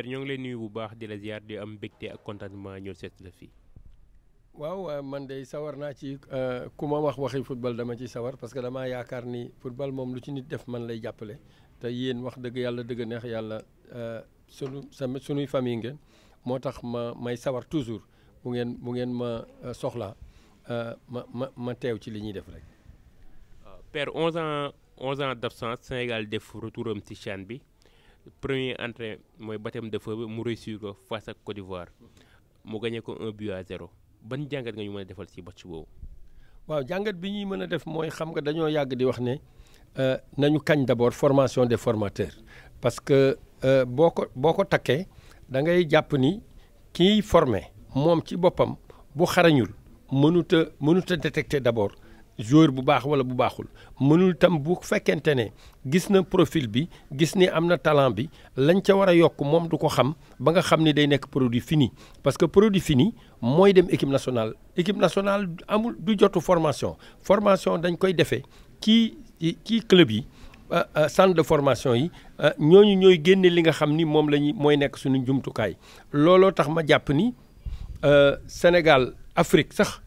Père ñoo ngi lay nuyu bu baax di la ziar di am mbégte ak contentement ñoo seet la fii. waaw euh, man de sawar naa ci euh, ku ma wax waxi football dama ci sawar parce que dama yaakaar ni football moom lu ci nit def man lay jàppale te yéen wax dëgg yàlla dëgg neex yàlla euh, sunu sama sunuy famille ngeen moo tax ma may sawar toujours bu ngeen bu ngeen ma soxlaa ma ma ma teew ci li ñuy def rek. Père 11 ans 11 ans d'absence Sénégal def retouram ci CHAN bi. premier entrée mooy baptême de feu mu réussir ko face ak Côte d'Ivoire mu gagné ko un but à zéro ban jàngat nga ñu mën a defal ci match boobu. waaw jàngat bi ñuy mën a def mooy xam nga dañoo yàgg di wax ne euh, nañu kañ d'abord formation des formateurs parce que euh, boo ko boo ko takkee da ngay jàpp ni kiy formé moom ci boppam bu xarañul mënut a mënut a détecter d'abord. joueur bu baax wala bu baaxul mënul tam bu fekkente ne gis na profil bi gis ni am na talent bi lañ ca war a yokk moom du ko xam ba nga xam ni day nekk produit fini parce que produit fini mooy dem équipe nationale équipe nationale amul du jotu formation formation dañ koy defee kii ki club yi euh, euh, centre de formation yi euh, ñooñu ñooy génne li nga xam ni moom la ñuy mooy nekk suñu jumtukaay looloo tax ma jàpp ni Sénégal Afrique sax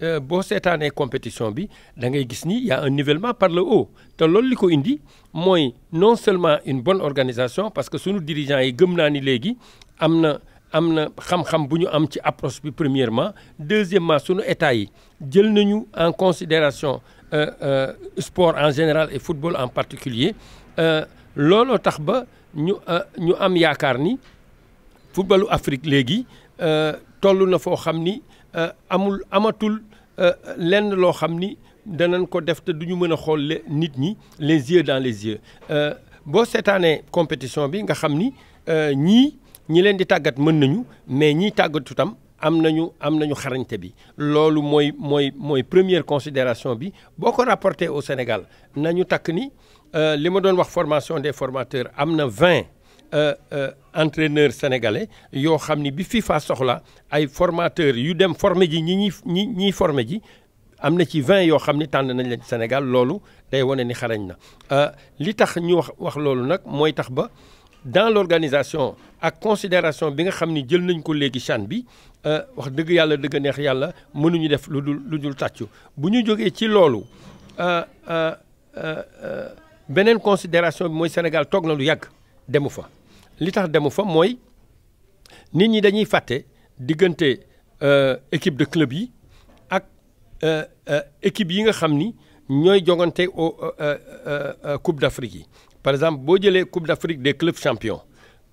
Euh, boo seetaanee compétition bi da ngay gis ni y a un nivellement par le o te loolu li ko indi mooy non seulement une bonne organisation parce que sunu dirigeants yi gëm naa ni léegi am na am na xam-xam bu ñu am ci approche bi premièrement deuxièmement sunu état yi jël nañu en considération euh, euh, sport en général et football en particulier euh, looloo tax ba ñu euh, ñu am yaakaar ni footballu Afrique léegi tollu na foo xam ni Euh, amul amatul euh, lenn loo xam ni danañ ko def te du ñu mën a xool nit ñi les yeux dans les yeux euh, boo seetaanee compétition bi nga xam ni ñii ñi leen di tàggat mën nañu mais ñii tàggatu tam am nañu am nañu xarañte bi loolu mooy mooy mooy première considération bi boo ko rapporté au Sénégal nañu takk ni li ma doon wax formation des formateurs am na 20 Euh, euh, entreneur sénégalais yoo xam ni bi fii FIFA soxla ay formateurs yu dem formé ji ñi ñuy ñi ñiy formé ji am na ci vingt yoo xam ni tànn nañ leen senegal loolu day wane ni xarañ na euh, li tax ñu wax wax loolu nag mooy tax ba dans l'organisation ak considération bi nga xam ni jël nañ ko léegi CHAN bi wax dëgg yàlla dëgg a neex yàlla mënuñu def lu dul lu dul tàccu bu ñu jógee ci loolu beneen considération bi mooy Sénégal toog na lu yàgg demu fa li tax demu fa mooy nit ñi dañuy fàtte diggante euh, équipe de club yi ak euh, euh, équipe yi nga xam ni ñooy jogante au coupe d'Afrique yi par exemple boo jëlee coupe d'Afrique des clubs champions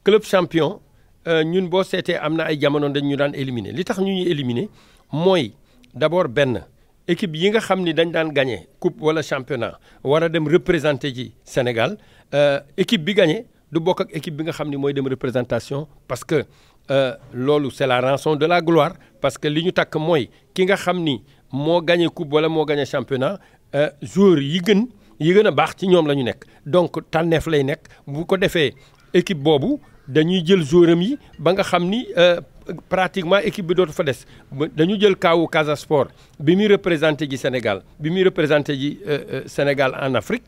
club champion ñun boo seetee am na ay jamono dañ ñu daan éliminer li tax ñu ñuy éliminer mooy d'abord benn équipe yi nga xam ni dañ daan gañe coupe wala championnat war a dem représenter ji Sénégal équipe bi gagner du bokk ak équipe bi nga xam ni mooy dem représentation parce que euh, loolu c'est la rançon de la gloire parce que li ñu takk mooy ki nga xam ni moo gagné coupe wala moo gagné championnat euh, joueur yi gën yi gën a baax ci ñoom la ñu nekk donc tànneef lay nekk bu ko defee équipe boobu dañuy jël joueuram yi ba nga xam ni euh, pratiquement équipe bi dootu fa des dañu jël kaawu Casa Sport bi muy représenté ji Sénégal bi muy représenté ji Sénégal en Afrique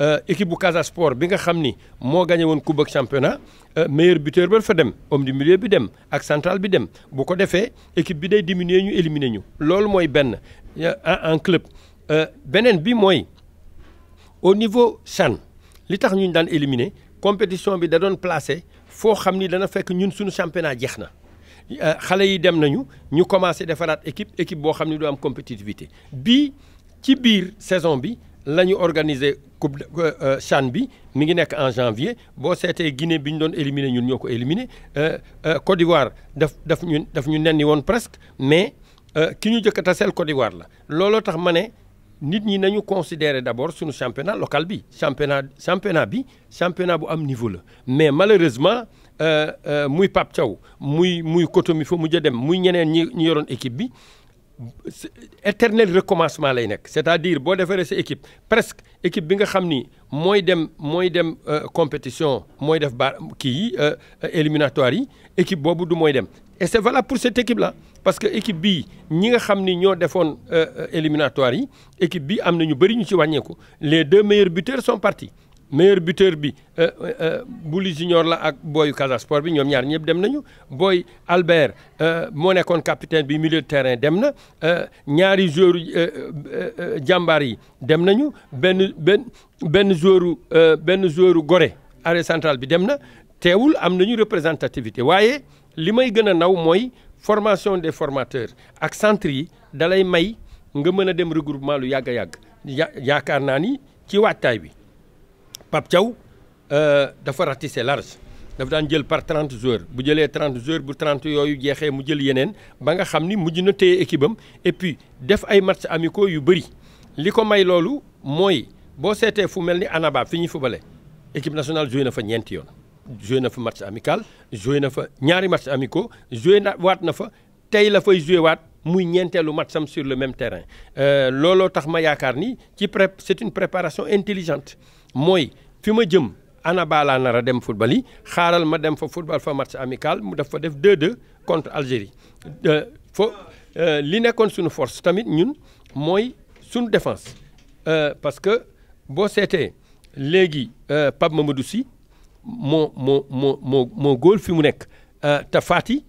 Euh, équipe bu Casa Sport bi nga xam ni moo gagné woon coupe ak championnat euh, meilleur buteur ba fa dem homme du milieu bi dem ak central bi dem bu ko defee équipe bi day diminuer ñu éliminer ñu. loolu mooy benn euh, en club beneen bi mooy au niveau CHAN li tax ñu daan éliminer compétition bi da doon placé foo xam ni dana fekk ñun suñu championnat jeex na. xale yi dem nañu ñu commencé defaraat équipe équipe boo xam ne du am compétitivité bii ci biir saison bi la ñu organiser coupe euh, euh, CHAN bi mi ngi nekk en janvier boo seetee Guinée bi ñu doon éliminer ñun ñoo ko éliminer euh, Côte d'Ivoire daf daf ñu daf ñu nenni woon presque mais ki ñu jëkk a taseel Côte d'Ivoire la looloo tax ma ne nit ñi nañu considérer d'abord suñu championnat local bi championnat championnat bi championnat bu am niveau la mais malheureusement muy Pape Thiaw muy muy Koto mi fa mujj a dem muy ñeneen ñi ñu yoroon équipe bi éternel recommencement lay nekk cest à diir boo defaree sa équipe presque équipe bi nga xam ni mooy dem mooy dem euh, compétition mooy def ba kii yi euh, euh, éliminatoire yi équipe boobu du mooy dem et c'est valable pour cette équipe la parce que équipe bi ñi nga xam ni ñoo defoon éliminatoire yi équipe bi am na ñu bëri ñu ci wàññeeku les deux meilleurs buteurs sont partie meilleur buteur bi euh, euh, euh, Bouli Junior la ak booyu Casa bi ñoom ñaar ñëpp dem nañu booy Albert moo nekkoon capitaine bi milieu de terrain dem na ñaari joueur jàmbaar yi dem nañu benn benn benn joueur benn joueur gore arrêt central bi dem na teewul am nañu représentativité waaye li may gën a naw mooy formation des formateurs ak centre yi dalay may nga mën a dem regroupement lu yàgg a yàgg yaakaar naa ni ci waajtaay bi ab Thiaw euh, dafa ratissé large daf daan jël par 30 joueurs bu jëlee 30 joueurs bu 30 yooyu jeexee mu jël yeneen ba nga xam ni mujj na téye équipe am et puis def ay matchs amicaux yu bëri li ko may loolu mooy boo seetee fu mel ni Anaba fi ñuy fubale équipe nationale joué na fa ñeenti yoon. joué na fa match amical joué na fa ñaari match amicaux joué na waat na fa tey la fay joué waat muy ñeenteelu matcham sur le même terrain euh, looloo tax ma yaakaar ni ci pré c'est une préparation intelligente mooy. fi ma jëm ana baalaa nar a dem football yi xaaral ma dem fa football fa match amical mu def fa def 2-2 contre Algérie euh, fo euh, li nekkoon suñu force tamit ñun mooy suñu défense euh, parce que boo seetee léegi Pape Mamadou Sy moo moo moo moo góor fi mu nekk te Fati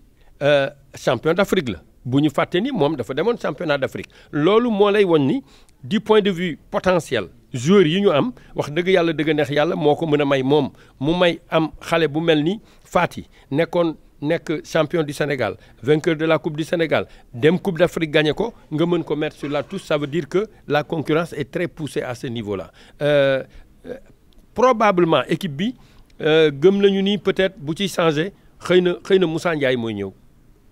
champion d'Afrique la bu ñu fàtte ni moom dafa demoon championnat d'Afrique loolu moo lay won ni du point de vue potentiel joueurs yi ñu am wax dëgg yàlla dëgg neex yàlla moo ko mën a may moom mu may am xale bu mel ni Fati nekkoon nekk champion du Sénégal vainqueur de la coupe du Sénégal dem coupe d'Afrique gagné ko nga mën ko mettre sur la touche ça veut dire que la concurrence est très poussée à ce niveau là euh, probablement équipe bi euh, gëm nañu nii peut-être bu ci changé xëy na xëy na Moussa Ndiaye mooy ñëw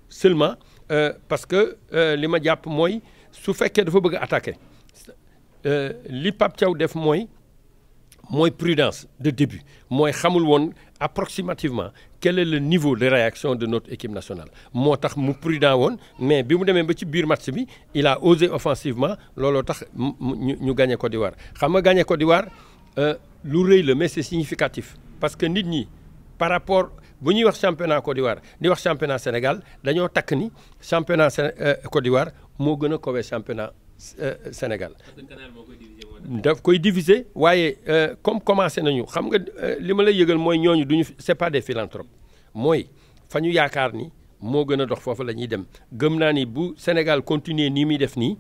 seulement euh, parce que euh, li ma jàpp mooy su fekkee dafa bëgg a Euh, li Pape Thiaw def mooy mooy prudence de début mooy xamul woon approximativement quel est le niveau de réaction de not équipe nationale moo tax mu prudent woon mais bi mu demee ba ci biir match bi il a osé offensivement looloo tax ñu ñu gagné Côte d'Ivoire xam nga gagné Côte d'Ivoire euh, lu rëy la mais c'est significatif parce que nit ñi par rapport bu ñuy wax championnat Côte d'Ivoire di wax championnat Sénégal dañoo takk ni championnat euh, Côte d'Ivoire moo gën a kowee championnat Euh, Sénégal. daf koy diviser waaye euh, comme commencé nañu xam nga euh, li ma lay yëgal mooy ñooñu duñu c'est pas des philanthropes mooy fa ñu yaakaar ni moo gën a dox foofu la ñuy dem gëm naa ni bu Sénégal continuer nii muy def nii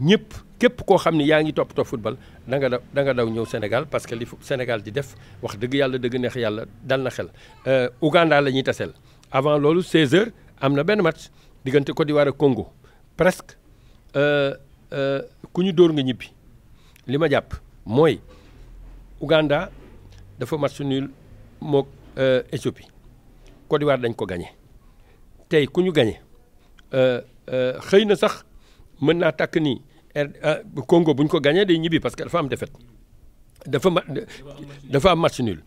ñëpp képp koo xam ni yaa ngi topp toppatoo football da nga daw da nga daw ñëw Sénégal parce que li Sénégal di def wax dëgg yàlla dëgg neex yàlla dal na xel. Ouganda la ñuy taseel avant loolu 16h am na benn match diggante ko di war a presque. Euh, euh, ku ñu dóor nga ñibbi li ma jàpp mooy Ouganda dafa match nul mook euh, Éthiopie Côte d'Ivoire dañ ko gañe tey ku ñu gañe xëy na sax mën naa takk nii Congo bu ñu ko gañee day ñibbi parce que dafa am defet dafa ma dafa am match nul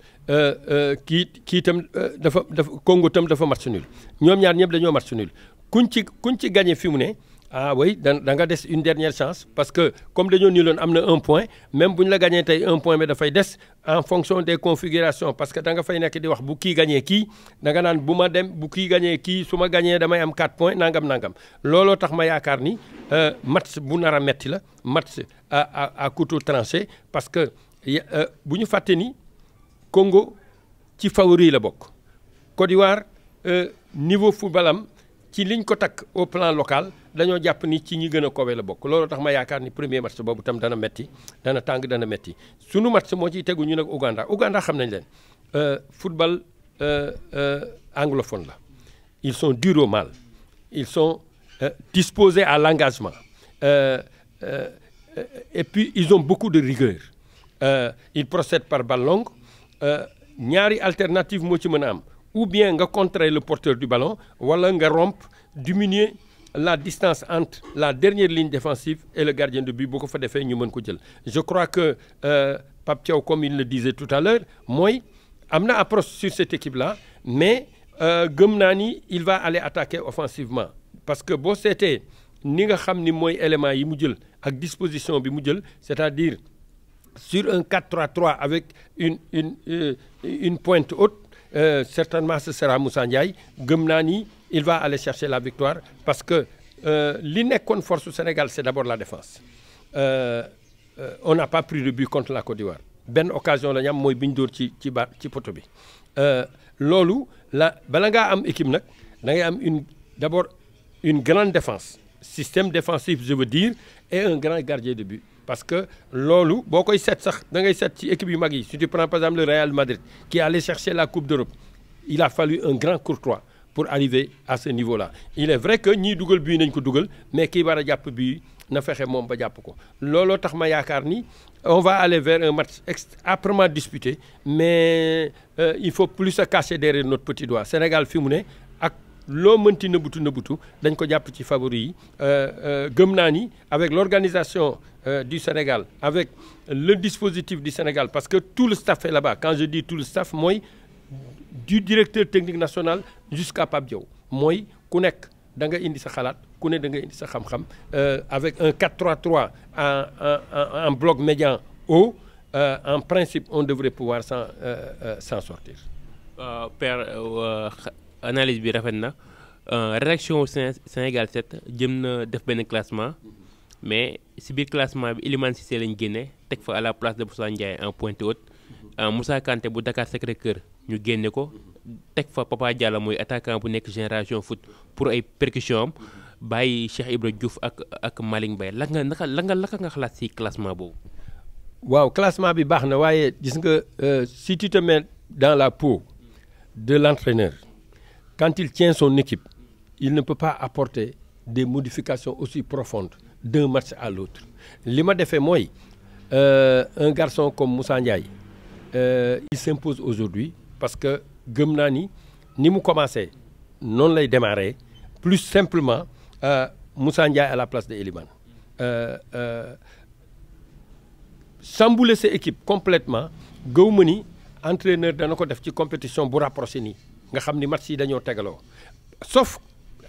kii kii tam dafa dafa Congo tam dafa match ñoom ñaar ñëpp dañoo match ku kuñ ci kuñ ci gañe fi mu ne ah oui da da nga des une dernière chance parce que comme dañoo ni loon am na un point même bu ñu la gagné tey un point bi dafay des en fonction des configuration parce que da nga fay nekk di wax bu kii gagné kii danga naan bu ma dem bu kii gañee kii su ma gañee damay am 4 points nangam nangam looloo tax ma yaakaar ni euh, match bu nar a metti la match à à à tranché parce que euh, bu ñu fàtte ni Congo ci favori la bokk Côte d'Ivoire euh, niveau footballam ci liñ ko takk au plan dañoo jàpp ni ci ñi gën a kowe la bokk loolu tax ma yaakaar ni premier match boobu tam dana metti dana tàng dana metti sunu match moo ciy tegu ñu nag Ouganda Ouganda xam nañ leen euh, football euh, euh, anglophone la ils sont durs au mal ils sont disposés à l'engagement et puis ils ont beaucoup de rigueur ils procèdent par balle longue ñaari alternative moo ci mën a am ou bien nga contre le porteur du ballon wala nga romp diminuer la distance entre la dernière ligne défensive et le gardien de but bu ko fa defee ñu mën ko jël je crois que euh, Pape Thiaw comme il le disait tout à l'heure mooy am na approche sur cette équipe là mais euh, gëm naa ni il va aller attaquer offensivement parce que boo seetee ni nga xam ni mooy élément yi mu jël ak disposition bi mu jël c'est-à-dire sur un 4-3-3 avec une une euh, une pointe haute euh, certainement ce sera Moussa Ndiaye gëm naa nii il va aller chercher la victoire parce que euh, li nekkoon force su Sénégal c'est d'abord la défense euh, euh, on n'a pas pris de but contre la Côte d'Ivoire benn occasion la ñu am mooy bi ñu dóor ci ci ba ci poto bi loolu la bala ngaa am équipe nag da ngay am une d'abord une grande défense système défensif je veux dire et un grand gardien de but parce que loolu boo koy set sax da ngay seet ci équipe yu mag yi si tu prends par exemple le Real Madrid qui est allé la Coupe un grand Courtois pour arriver à ce niveau là il est vrai que ñii dugal bii nañ ko dugal mais kii war a jàpp bii na fexe moom ba jàpp ko looloo tax ma yaakaar ni on va aller vers un match âprement disputé mais euh, il faut plus se cacher derrière not petit doigt Sénégal fi mu ne ak loo mënti nëbbutu nëbbutu dañ ko jàpp ci favori yi euh, euh, gëm naa ni avec l'organisation euh, du Sénégal avec le dispositif du Sénégal parce que tout le staff est là-bas quand je dis tout le staff mooy du directeur technique national jusqu'à Pape Diaw mooy ku nekk da nga indi sa xalaat ku ne da nga indi sa xam-xam euh, avec un 4-3-3 en en en bloc médian haut euh, en principe on devrait pouvoir s'en euh, s'en sortir. Père analyse bi rafet na rédaction Sénégal 7 jëm na def benn classement mais si biir classement bi Ilimane Cissé lañ génne teg fa à la place de Moussa Ndiaye en pointe haute Moussa Kanté bu Dakar sacré kër ñu génne ko teg fa Papa Diallo mooy attaquant bu nekk génération foot pour ay percussion am bàyyi Cheikh Ibra Diouf ak ak Malick Mbaye la nga naka la nga laka nga xalaat si classement boobu. waaw classement bi baax na waaye gis nga euh, si tu te mets dans la peau de l'entraîneur quand il tient son équipe il ne peut pas apporter des modifications aussi profondes d'un match à l'autre li ma defee mooy euh, un garçon comme Moussa Ndiaye euh, il s'impose aujourd'hui parce que gëm naa ni ni mu commencé noonu lay démarrer plus simplement euh, Moussa Ndiaye à la place de Eliman euh, euh, chambouler sa équipe complètement gëw ma ni entraîneur dana ko def ci compétition bu rapproché ni nga xam ni match yi dañoo tegaloo sauf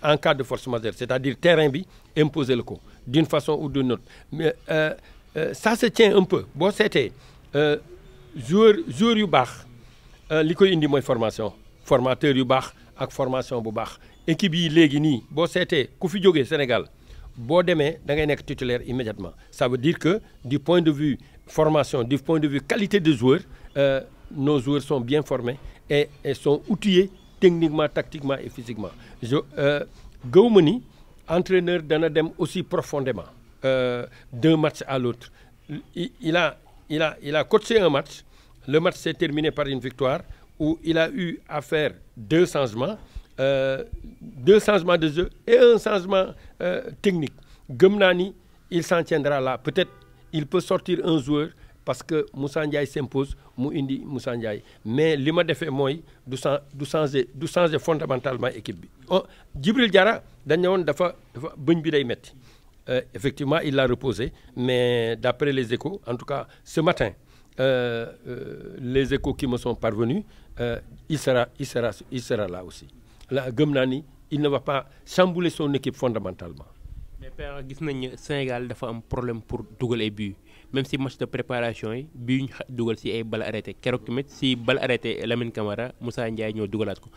en cas de force majeure c'est-à-dire terrain bi imposer la ko d'une façon ou d'une autre mais euh, euh, ça se tient un peu boo seetee euh, joueur joueur yu baax Euh, li koy indi mooy formation formateur yu baax ak formation bu baax équipe yi léegi nii boo seetee ku fi jógee Sénégal boo demee dangay nekk titulaire immédiatement ça veut dire que du point de vue formation du point de vue qualité de joueur euh, nos joueurs sont bien formés et, et sont techniquement tactiquement et physiquement je euh, gëwma ni entraîneur dana dem aussi profondément euh, d'un match à l'autre il, il a côte a il un match Le match s'est terminé par une victoire où il a eu à deux changements, euh, deux changements de jeu et un changement euh, technique. gëm naa ni il s'en tiendra là peut-être il peut sortir un joueur parce que Moussa Ndiaye s'impose mu indi Moussa Ndiaye mais li ma defee mooy du chan du changer du changer fondamentalement équipe bi. oh Djibril Diarra dañ dafa dafa bëñ bi day metti euh, effectivement il l'a reposé mais d'après les échos en tout cas ce matin. euh, euh, les échos qui me sont parvenus euh, il sera il sera il aussi la gëm naa ni il ne va pas chambouler soon équipe fondamentalement. mais père gis nañu Sénégal dafa am problème pour dugal ay buts si match de préparation yi bii ñu dugal si ay bal arrêté keroog tamit si bal arrêté Lamine Camara Moussa Ndiaye ñoo dugalaat ko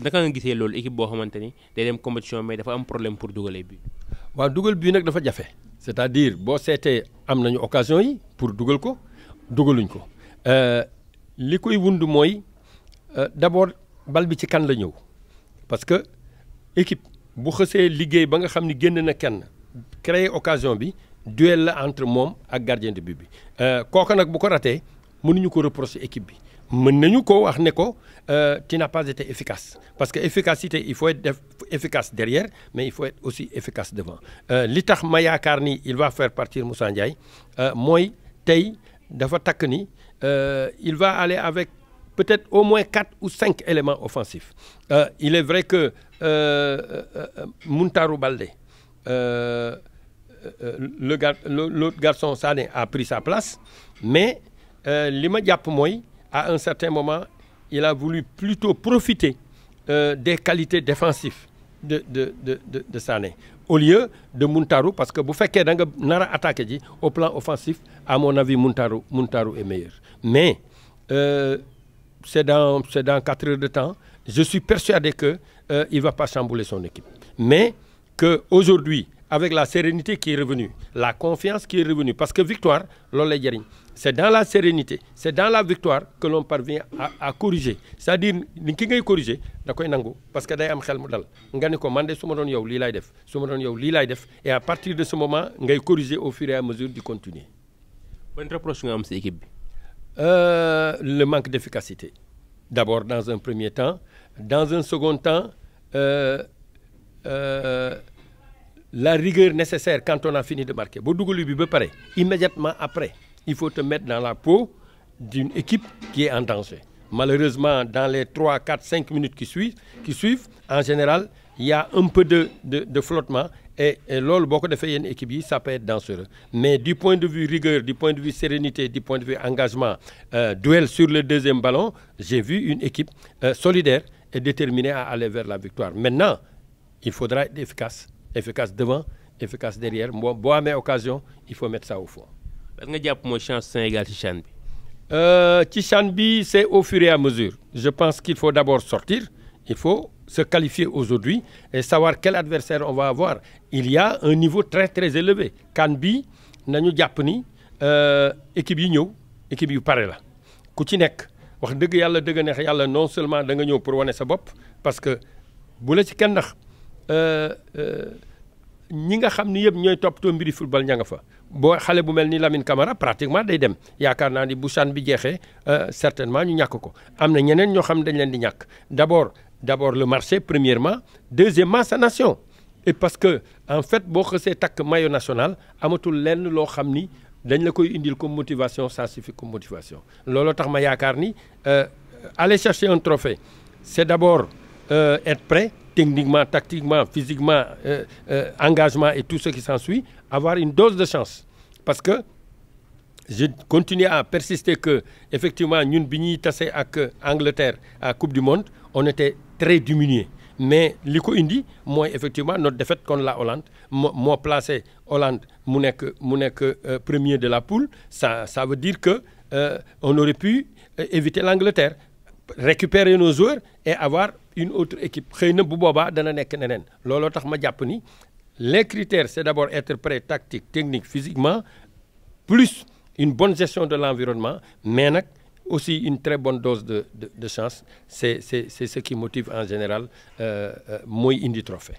naka nga gisee loolu équipe boo xamante ni day dem compétition mais dafa am problème pour dugal ay buts. dugal bii nag dafa jafe. c'est-à-dire boo am nañu occasion yi pour dugal ko dugaluñ ko euh, li koy wund mooy euh, d'abord bal bi ci kan la ñëw parce que équipe bu xësee liggéey ba nga xam ni génn na kenn créer occasion bi duel la entre moom ak gardien bi but bi euh, kooka nag bu ko ratee mënuñu ko reprocher équipe bi mën nañu ko wax ne ko tu n'as pas été efficace parce que efficacité il faut être def efficace derrière mais il faut être aussi efficace devant li tax ma yaakaar ni il va faire partir Moussa Ndiaye mooy tey dafa takk ni euh, il va aller avec peut-être au moins quatre ou cinq éléments offensifs euh, il est vrai que euh, euh, Muntaro Baldé le gar l'autre garçon Sané a pris sa place mais li ma jàpp mooy à un certain moment il a voulu plutôt profiter des qualités défensives de de de de de Sané au lieu de Muntaru parce que bu fekkee da nga nar a attaqué ji au plan offensif à mon avis Muntaru Muntaru meilleur mais euh, c'est dans c'est dans quatre heures de temps je suis persuadé que euh, il va pas chambouler son équipe mais que aujourd'hui avec la sérénité qui est revenue la confiance qui est revenue parce que victoire loolu lay jëriñ c'est dans la sérénité c'est dans la victoire que l'on parvient à à corriger c'est-à-dire ni ki ngay corriger da koy nangu parce que day am xel mu dal nga ni ko man de su doon yow lii lay def su ma doon yow lii laay def et à partir de ce moment ngay corriger au fur et à mesure di continuer. ban reproche nga am ci équipe bi. Euh, le manque d'efficacité d'abord dans un premier temps dans un second temps. Euh, euh, la rigueur nécessaire quand on a fini de marquer boo dugalee bi ba pare immédiatement après il faut te mettre dans la peau d'une équipe qui est en danger malheureusement dans les trois 4 cinq minutes qui suivent qui en général il y a un peu de de de flottement et loolu boo ko defee yenn équipe yi ça peut être dangereux mais du point de vue rigueur du point de vue sérénité du point de vue engagement euh, duel sur le deuxième ballon j'ai vu une équipe euh, solidaire et à aller vers la victoire maintenant il faudra être efficace efficace devant efficace derrière boo boo amee occasion il faut mettre ça au fond. lan nga jàpp moo chance Sénégal ci CHAN bi. Euh, ci CHAN bi c'est au fur et à mesure je pense qu'il faut d'abord sortir il faut se qualifier aujourd'hui et sawar quel adversaire on va avoir il y un niveau très très élevé CHAN bi na ñu jàpp ni euh, équipe yi ñëw équipe yu pare la ku ci nekk wax dëgg yàlla dëgg neex yàlla non seulement da nga ñëw pour wane sa bopp parce que bu ci kenn Euh, euh, ñi nga xam ni yëpp ñooy toppatoo mbiri football ña nga fa boo xale bu mel ni Lamine Camara pratiquement day dem yaakaar naa ni bu san bi jeexee euh, certainement ñu ñàkk ko am na ñeneen ñoo xam dañ leen di ñàkk d'abord d'abord le marché premièrement deuxièmement sa nation et parce que en fait boo xësee takk maillot national amatul lenn loo xam ni dañ la koy indil comme motivation ça suffit comme motivation looloo tax ma yaakaar ni aller chercher un trophée c'est d'abord euh, techniquement, tactiquement, physiquement, euh, euh, engagement et tout ce qui s'ensuit, avoir une dose de chance. Parce que je continue à persister que, effectivement, ñun bi ñuy tase ak Angleterre à Coupe du Monde, on était très diminué. mais li ko indi mooy effectivement notre défaite contre la Hollande moo moo placé Hollande mu nekk mu nekk euh, premier de la poule ça ça veut dire que euh, on aurait pu euh, éviter l'Angleterre récupérer nos joueurs et avoir une autre équipe xëy na bu boobaa dana nekk neneen looloo tax ma jàpp ni les critères c'est d'abord être prêt tactique technique physiquement plus une bonne gestion de l'environnement mais nag aussi une très bonne dose de de, de chance c'est c'est c'est ce qui motive en général euh, euh, mooy indi trophée.